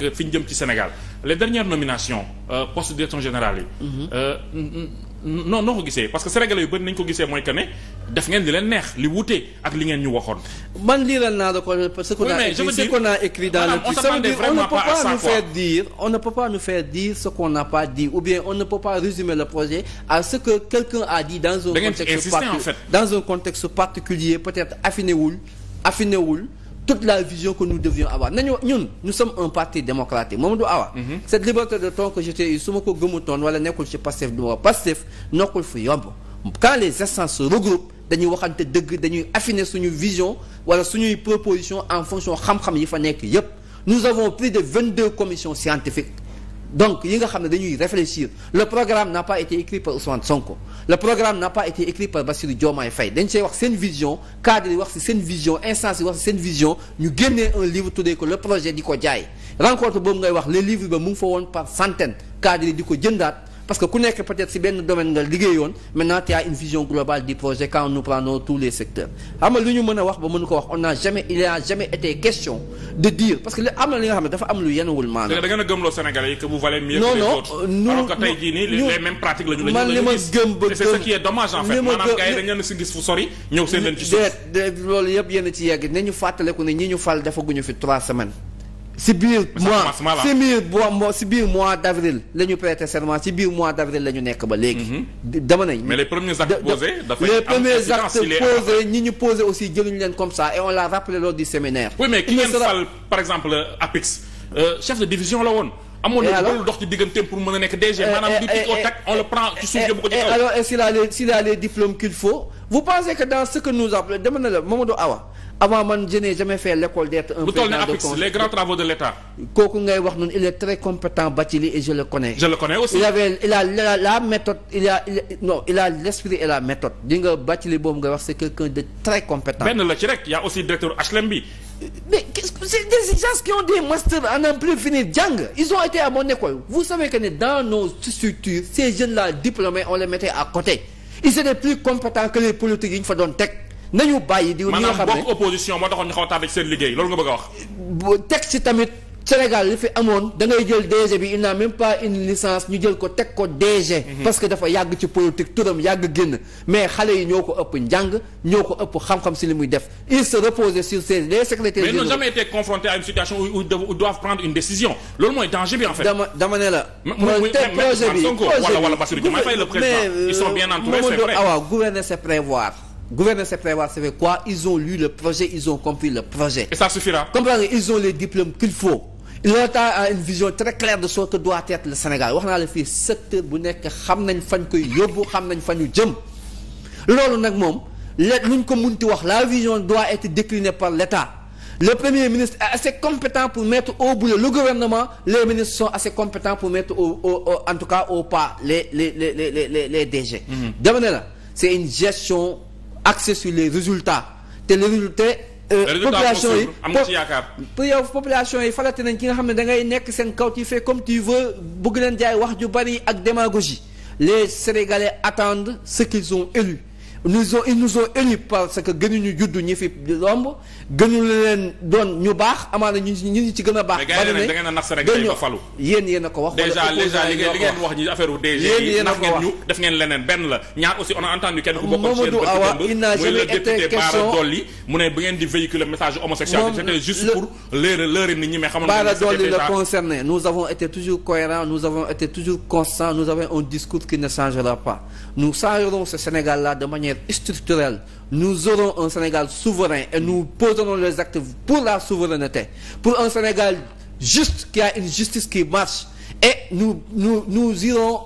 que fi ñu ci Sénégal les dernières nominations euh, poste direction générale yi. Mhm. Euh, non noo ko gisee parce que sénégalais yu bëri nañ ko gisee mooy que ne def ngeen di leen neex li wuute ak li ngeen ñu waxoon. man lii la naa la ko ce qu'on a écrit ce qu'on a écrit dans le ça veut dire on ne peut pas dire on ne peut pas faire dire ce n'a pas dit ou bien on ne peut pas le projet à ce que quelqu'un a dit dans un contexte particulier peut-être affiné wul affiné wul toute la vision que nous devions avoir nañu ñun nous sommes un parti démocratique Mamadou Awa mhm. cette liberté de ton que j'étais su ma ko gëmutoon wala nekkul ci Pastef du ma Pastef nokkul fu yomb quand les instances se regroupent dañuy waxante dëgg dañuy affiner suñu vision wala suñuy proposition en fonction xam-xam yi fa nekk yépp nous avons plus de vingt-deux commissions scientifiques donc yi nga xam ne dañuy réfléchir le programme n'a pas été écrit par Ousmane Sonko le programme n'a pas été écrit par Bassirou Diomaye fay dañ see wax seen vision cadre wax si seen vision instance yi wax si seen vision ñu génnee un livre tuddee ko le projet di ko jaay rencontre boobu ngay wax le livre ba mu ngi fa woon par centaine cadre yi di ko jëndaat parce que ku nekk peut-être si benn domaine nga liggéeyoon maintenant tu as une vision globale du projet quand nous prenons tous les secteurs xam lu ñu mën a wax ba mën ko wax on n'a jamais il n'a jamais été question de dire parce que am na li nga xam ne dafa am lu yenuwul maanaam. da ngeen a gëmloo Sénégalais yi que vous valez mieux que les autres. non non tey jii nii les mêmes li ma gëm ba gëm c'est ce qui est dommage en fait maanaam gars yi dañu leen trois semaines si biir mois si biir mois si biir mois d' avril la ñu prêter serment si biir mois d' la ñu nekk ba léegi. Mhm. dama nañ mais les premiers actes posés. ñu posé aussi jëluñu leen comme ça et on l'a rappelé lors du séminaire. mais ki ngeen fal par exemple euh, Apix euh, chef de division la woon. amoon na loolu dox digganteem pour mën nekk DG. maanaam du pic au tac on le prend ci suuf yóbbu ko ci kaw. alors et s'il a les s'il a faut vous pensez que dans ce que nous appelons dama na la Mamadou Awa. avant man je n'ai jamais fait l'école d'être un président de conseil les grands travaux de l'État kooku ngay wax noonu il est très compétent Bathily et je le connais je le connais aussi il avait la, la méthode il l'esprit et la méthode di nga Bathily boobu ngay wax c'est quelqu'un de très compétent benn la ci rek y a aussi directeur HLM bi mais qu'est-ce que c'est des gens qui ont des masters en un plus finir jàng ils ont été à mon école vous savez que ne dans on les nañu bàyyi di. ñi nga xam ne maanaam opposition moo taxoon ñu xaw a tardé ci seen liggéey loolu nga bëgg a wax. bu teg ci tamit Sénégal li fi amoon da ngay jël DG bi il n'a même pas une licence ñu jël ko teg ko DG. Mhm. parce que dafa yàgg ci politique turam yàgg génn mais xale yi ñoo ko ëpp njàng ñoo ko ëpp xam-xam si li muy def il se reposait sur ses les secrétaires. mais ils n'ont jamais été confrontés à une situation où ils doivent prendre une décision loolu mooy danger bi en fait. dama dama ne la. te projet bi projet bi wala wala Bassirou Diomaye Faye le président ils sont euh, bien entourés c'est vrai waaw gouverner c'est prévoir. gouverner c'est prévoir c'est quoi ils ont lu le projet ils ont compris le projet. et ça suffira. comprendre ils ont les diplômes qu'il faut. l'État a une vision très claire de ce que doit être le Sénégal wax naa la fii secteur bu nekk xam nañ fañ koy yóbbu xam nañ fa ñu jëm loolu nag moom léegi lu ñu ko munti wax la vision doit être déclinée par l'État le premier ministre est assez compétent pour mettre au bout le gouvernement les ministres sont assez compétents pour mettre au, au, cas au pas les les les les les les DG. Mm-hmm. dama ne la gestion. axé su les résultats te les résultats. Euh, population yi am yaakaar. pour population yi falate nañ ki nga xam ne da ngay nekk seen kaw tu fais comme tu veux bëgg leen jaay wax ju bari ak démagogie les Sénégalais attendent ce qu'ils ont élu nous ont ils nous ont élus parce que gënuñu judd ñi fi lomb gënuñu leen doon ñu baax amaana ñu ñu ci gën a baax. bari nañ da nax Sénégal ba falu. yéen yéen a ko wax. déjà déjà li ngeen wax ñi affaire DG yi nax ngeen ñu def ngeen benn la a mu ne bu ngeen di véhiculer message homosexualité c'était juste pour leurrer leurrer nit ñi mais xamoon Bara Dolly la concerné nous avons été toujours cohérents nous avons été toujours constants nous avons manière structurelle nous aurons un Sénégal souverain et nous poserons les actes pour la souveraineté pour un Sénégal juste qui a une justice qui marche et nous nous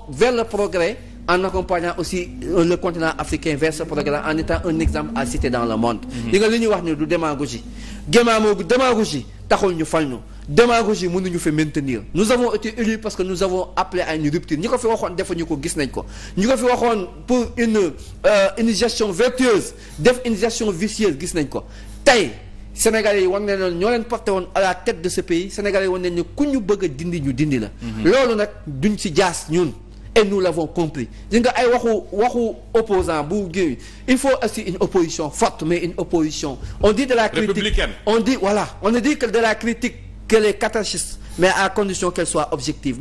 vers le progrès en accompagnant aussi euh, le continent africain vers ce programme en étant un exemple à citer dans le monde. Mhm. li nga li wax ni du démagogie. gémaamoo démagogie taxul ñu fal démagogie mënuñu fi maintenir nous avons été élus parce que nous avons appelé à une rupture ñi ko fi waxoon defuñu ko gis nañ ko ñi ko fi waxoon pour une euh, une gestion vertueuse def une gestion vicieuse gis nañ ko tey Sénégalais yi war na leen ñoo leen porté woon à la tête de ce pays Sénégalais yi war nañ ne ku ñu bëgg a dindi ñu dindi la. Mhm. loolu nag duñ ci jaas ñun. et nous l'avons compris di nga ay waxu waxu opposant bu géej il faut aussi une opposition forte mais une opposition on dit de la critique de la critique que les catéchistes mais à condition qu'elles soient objectives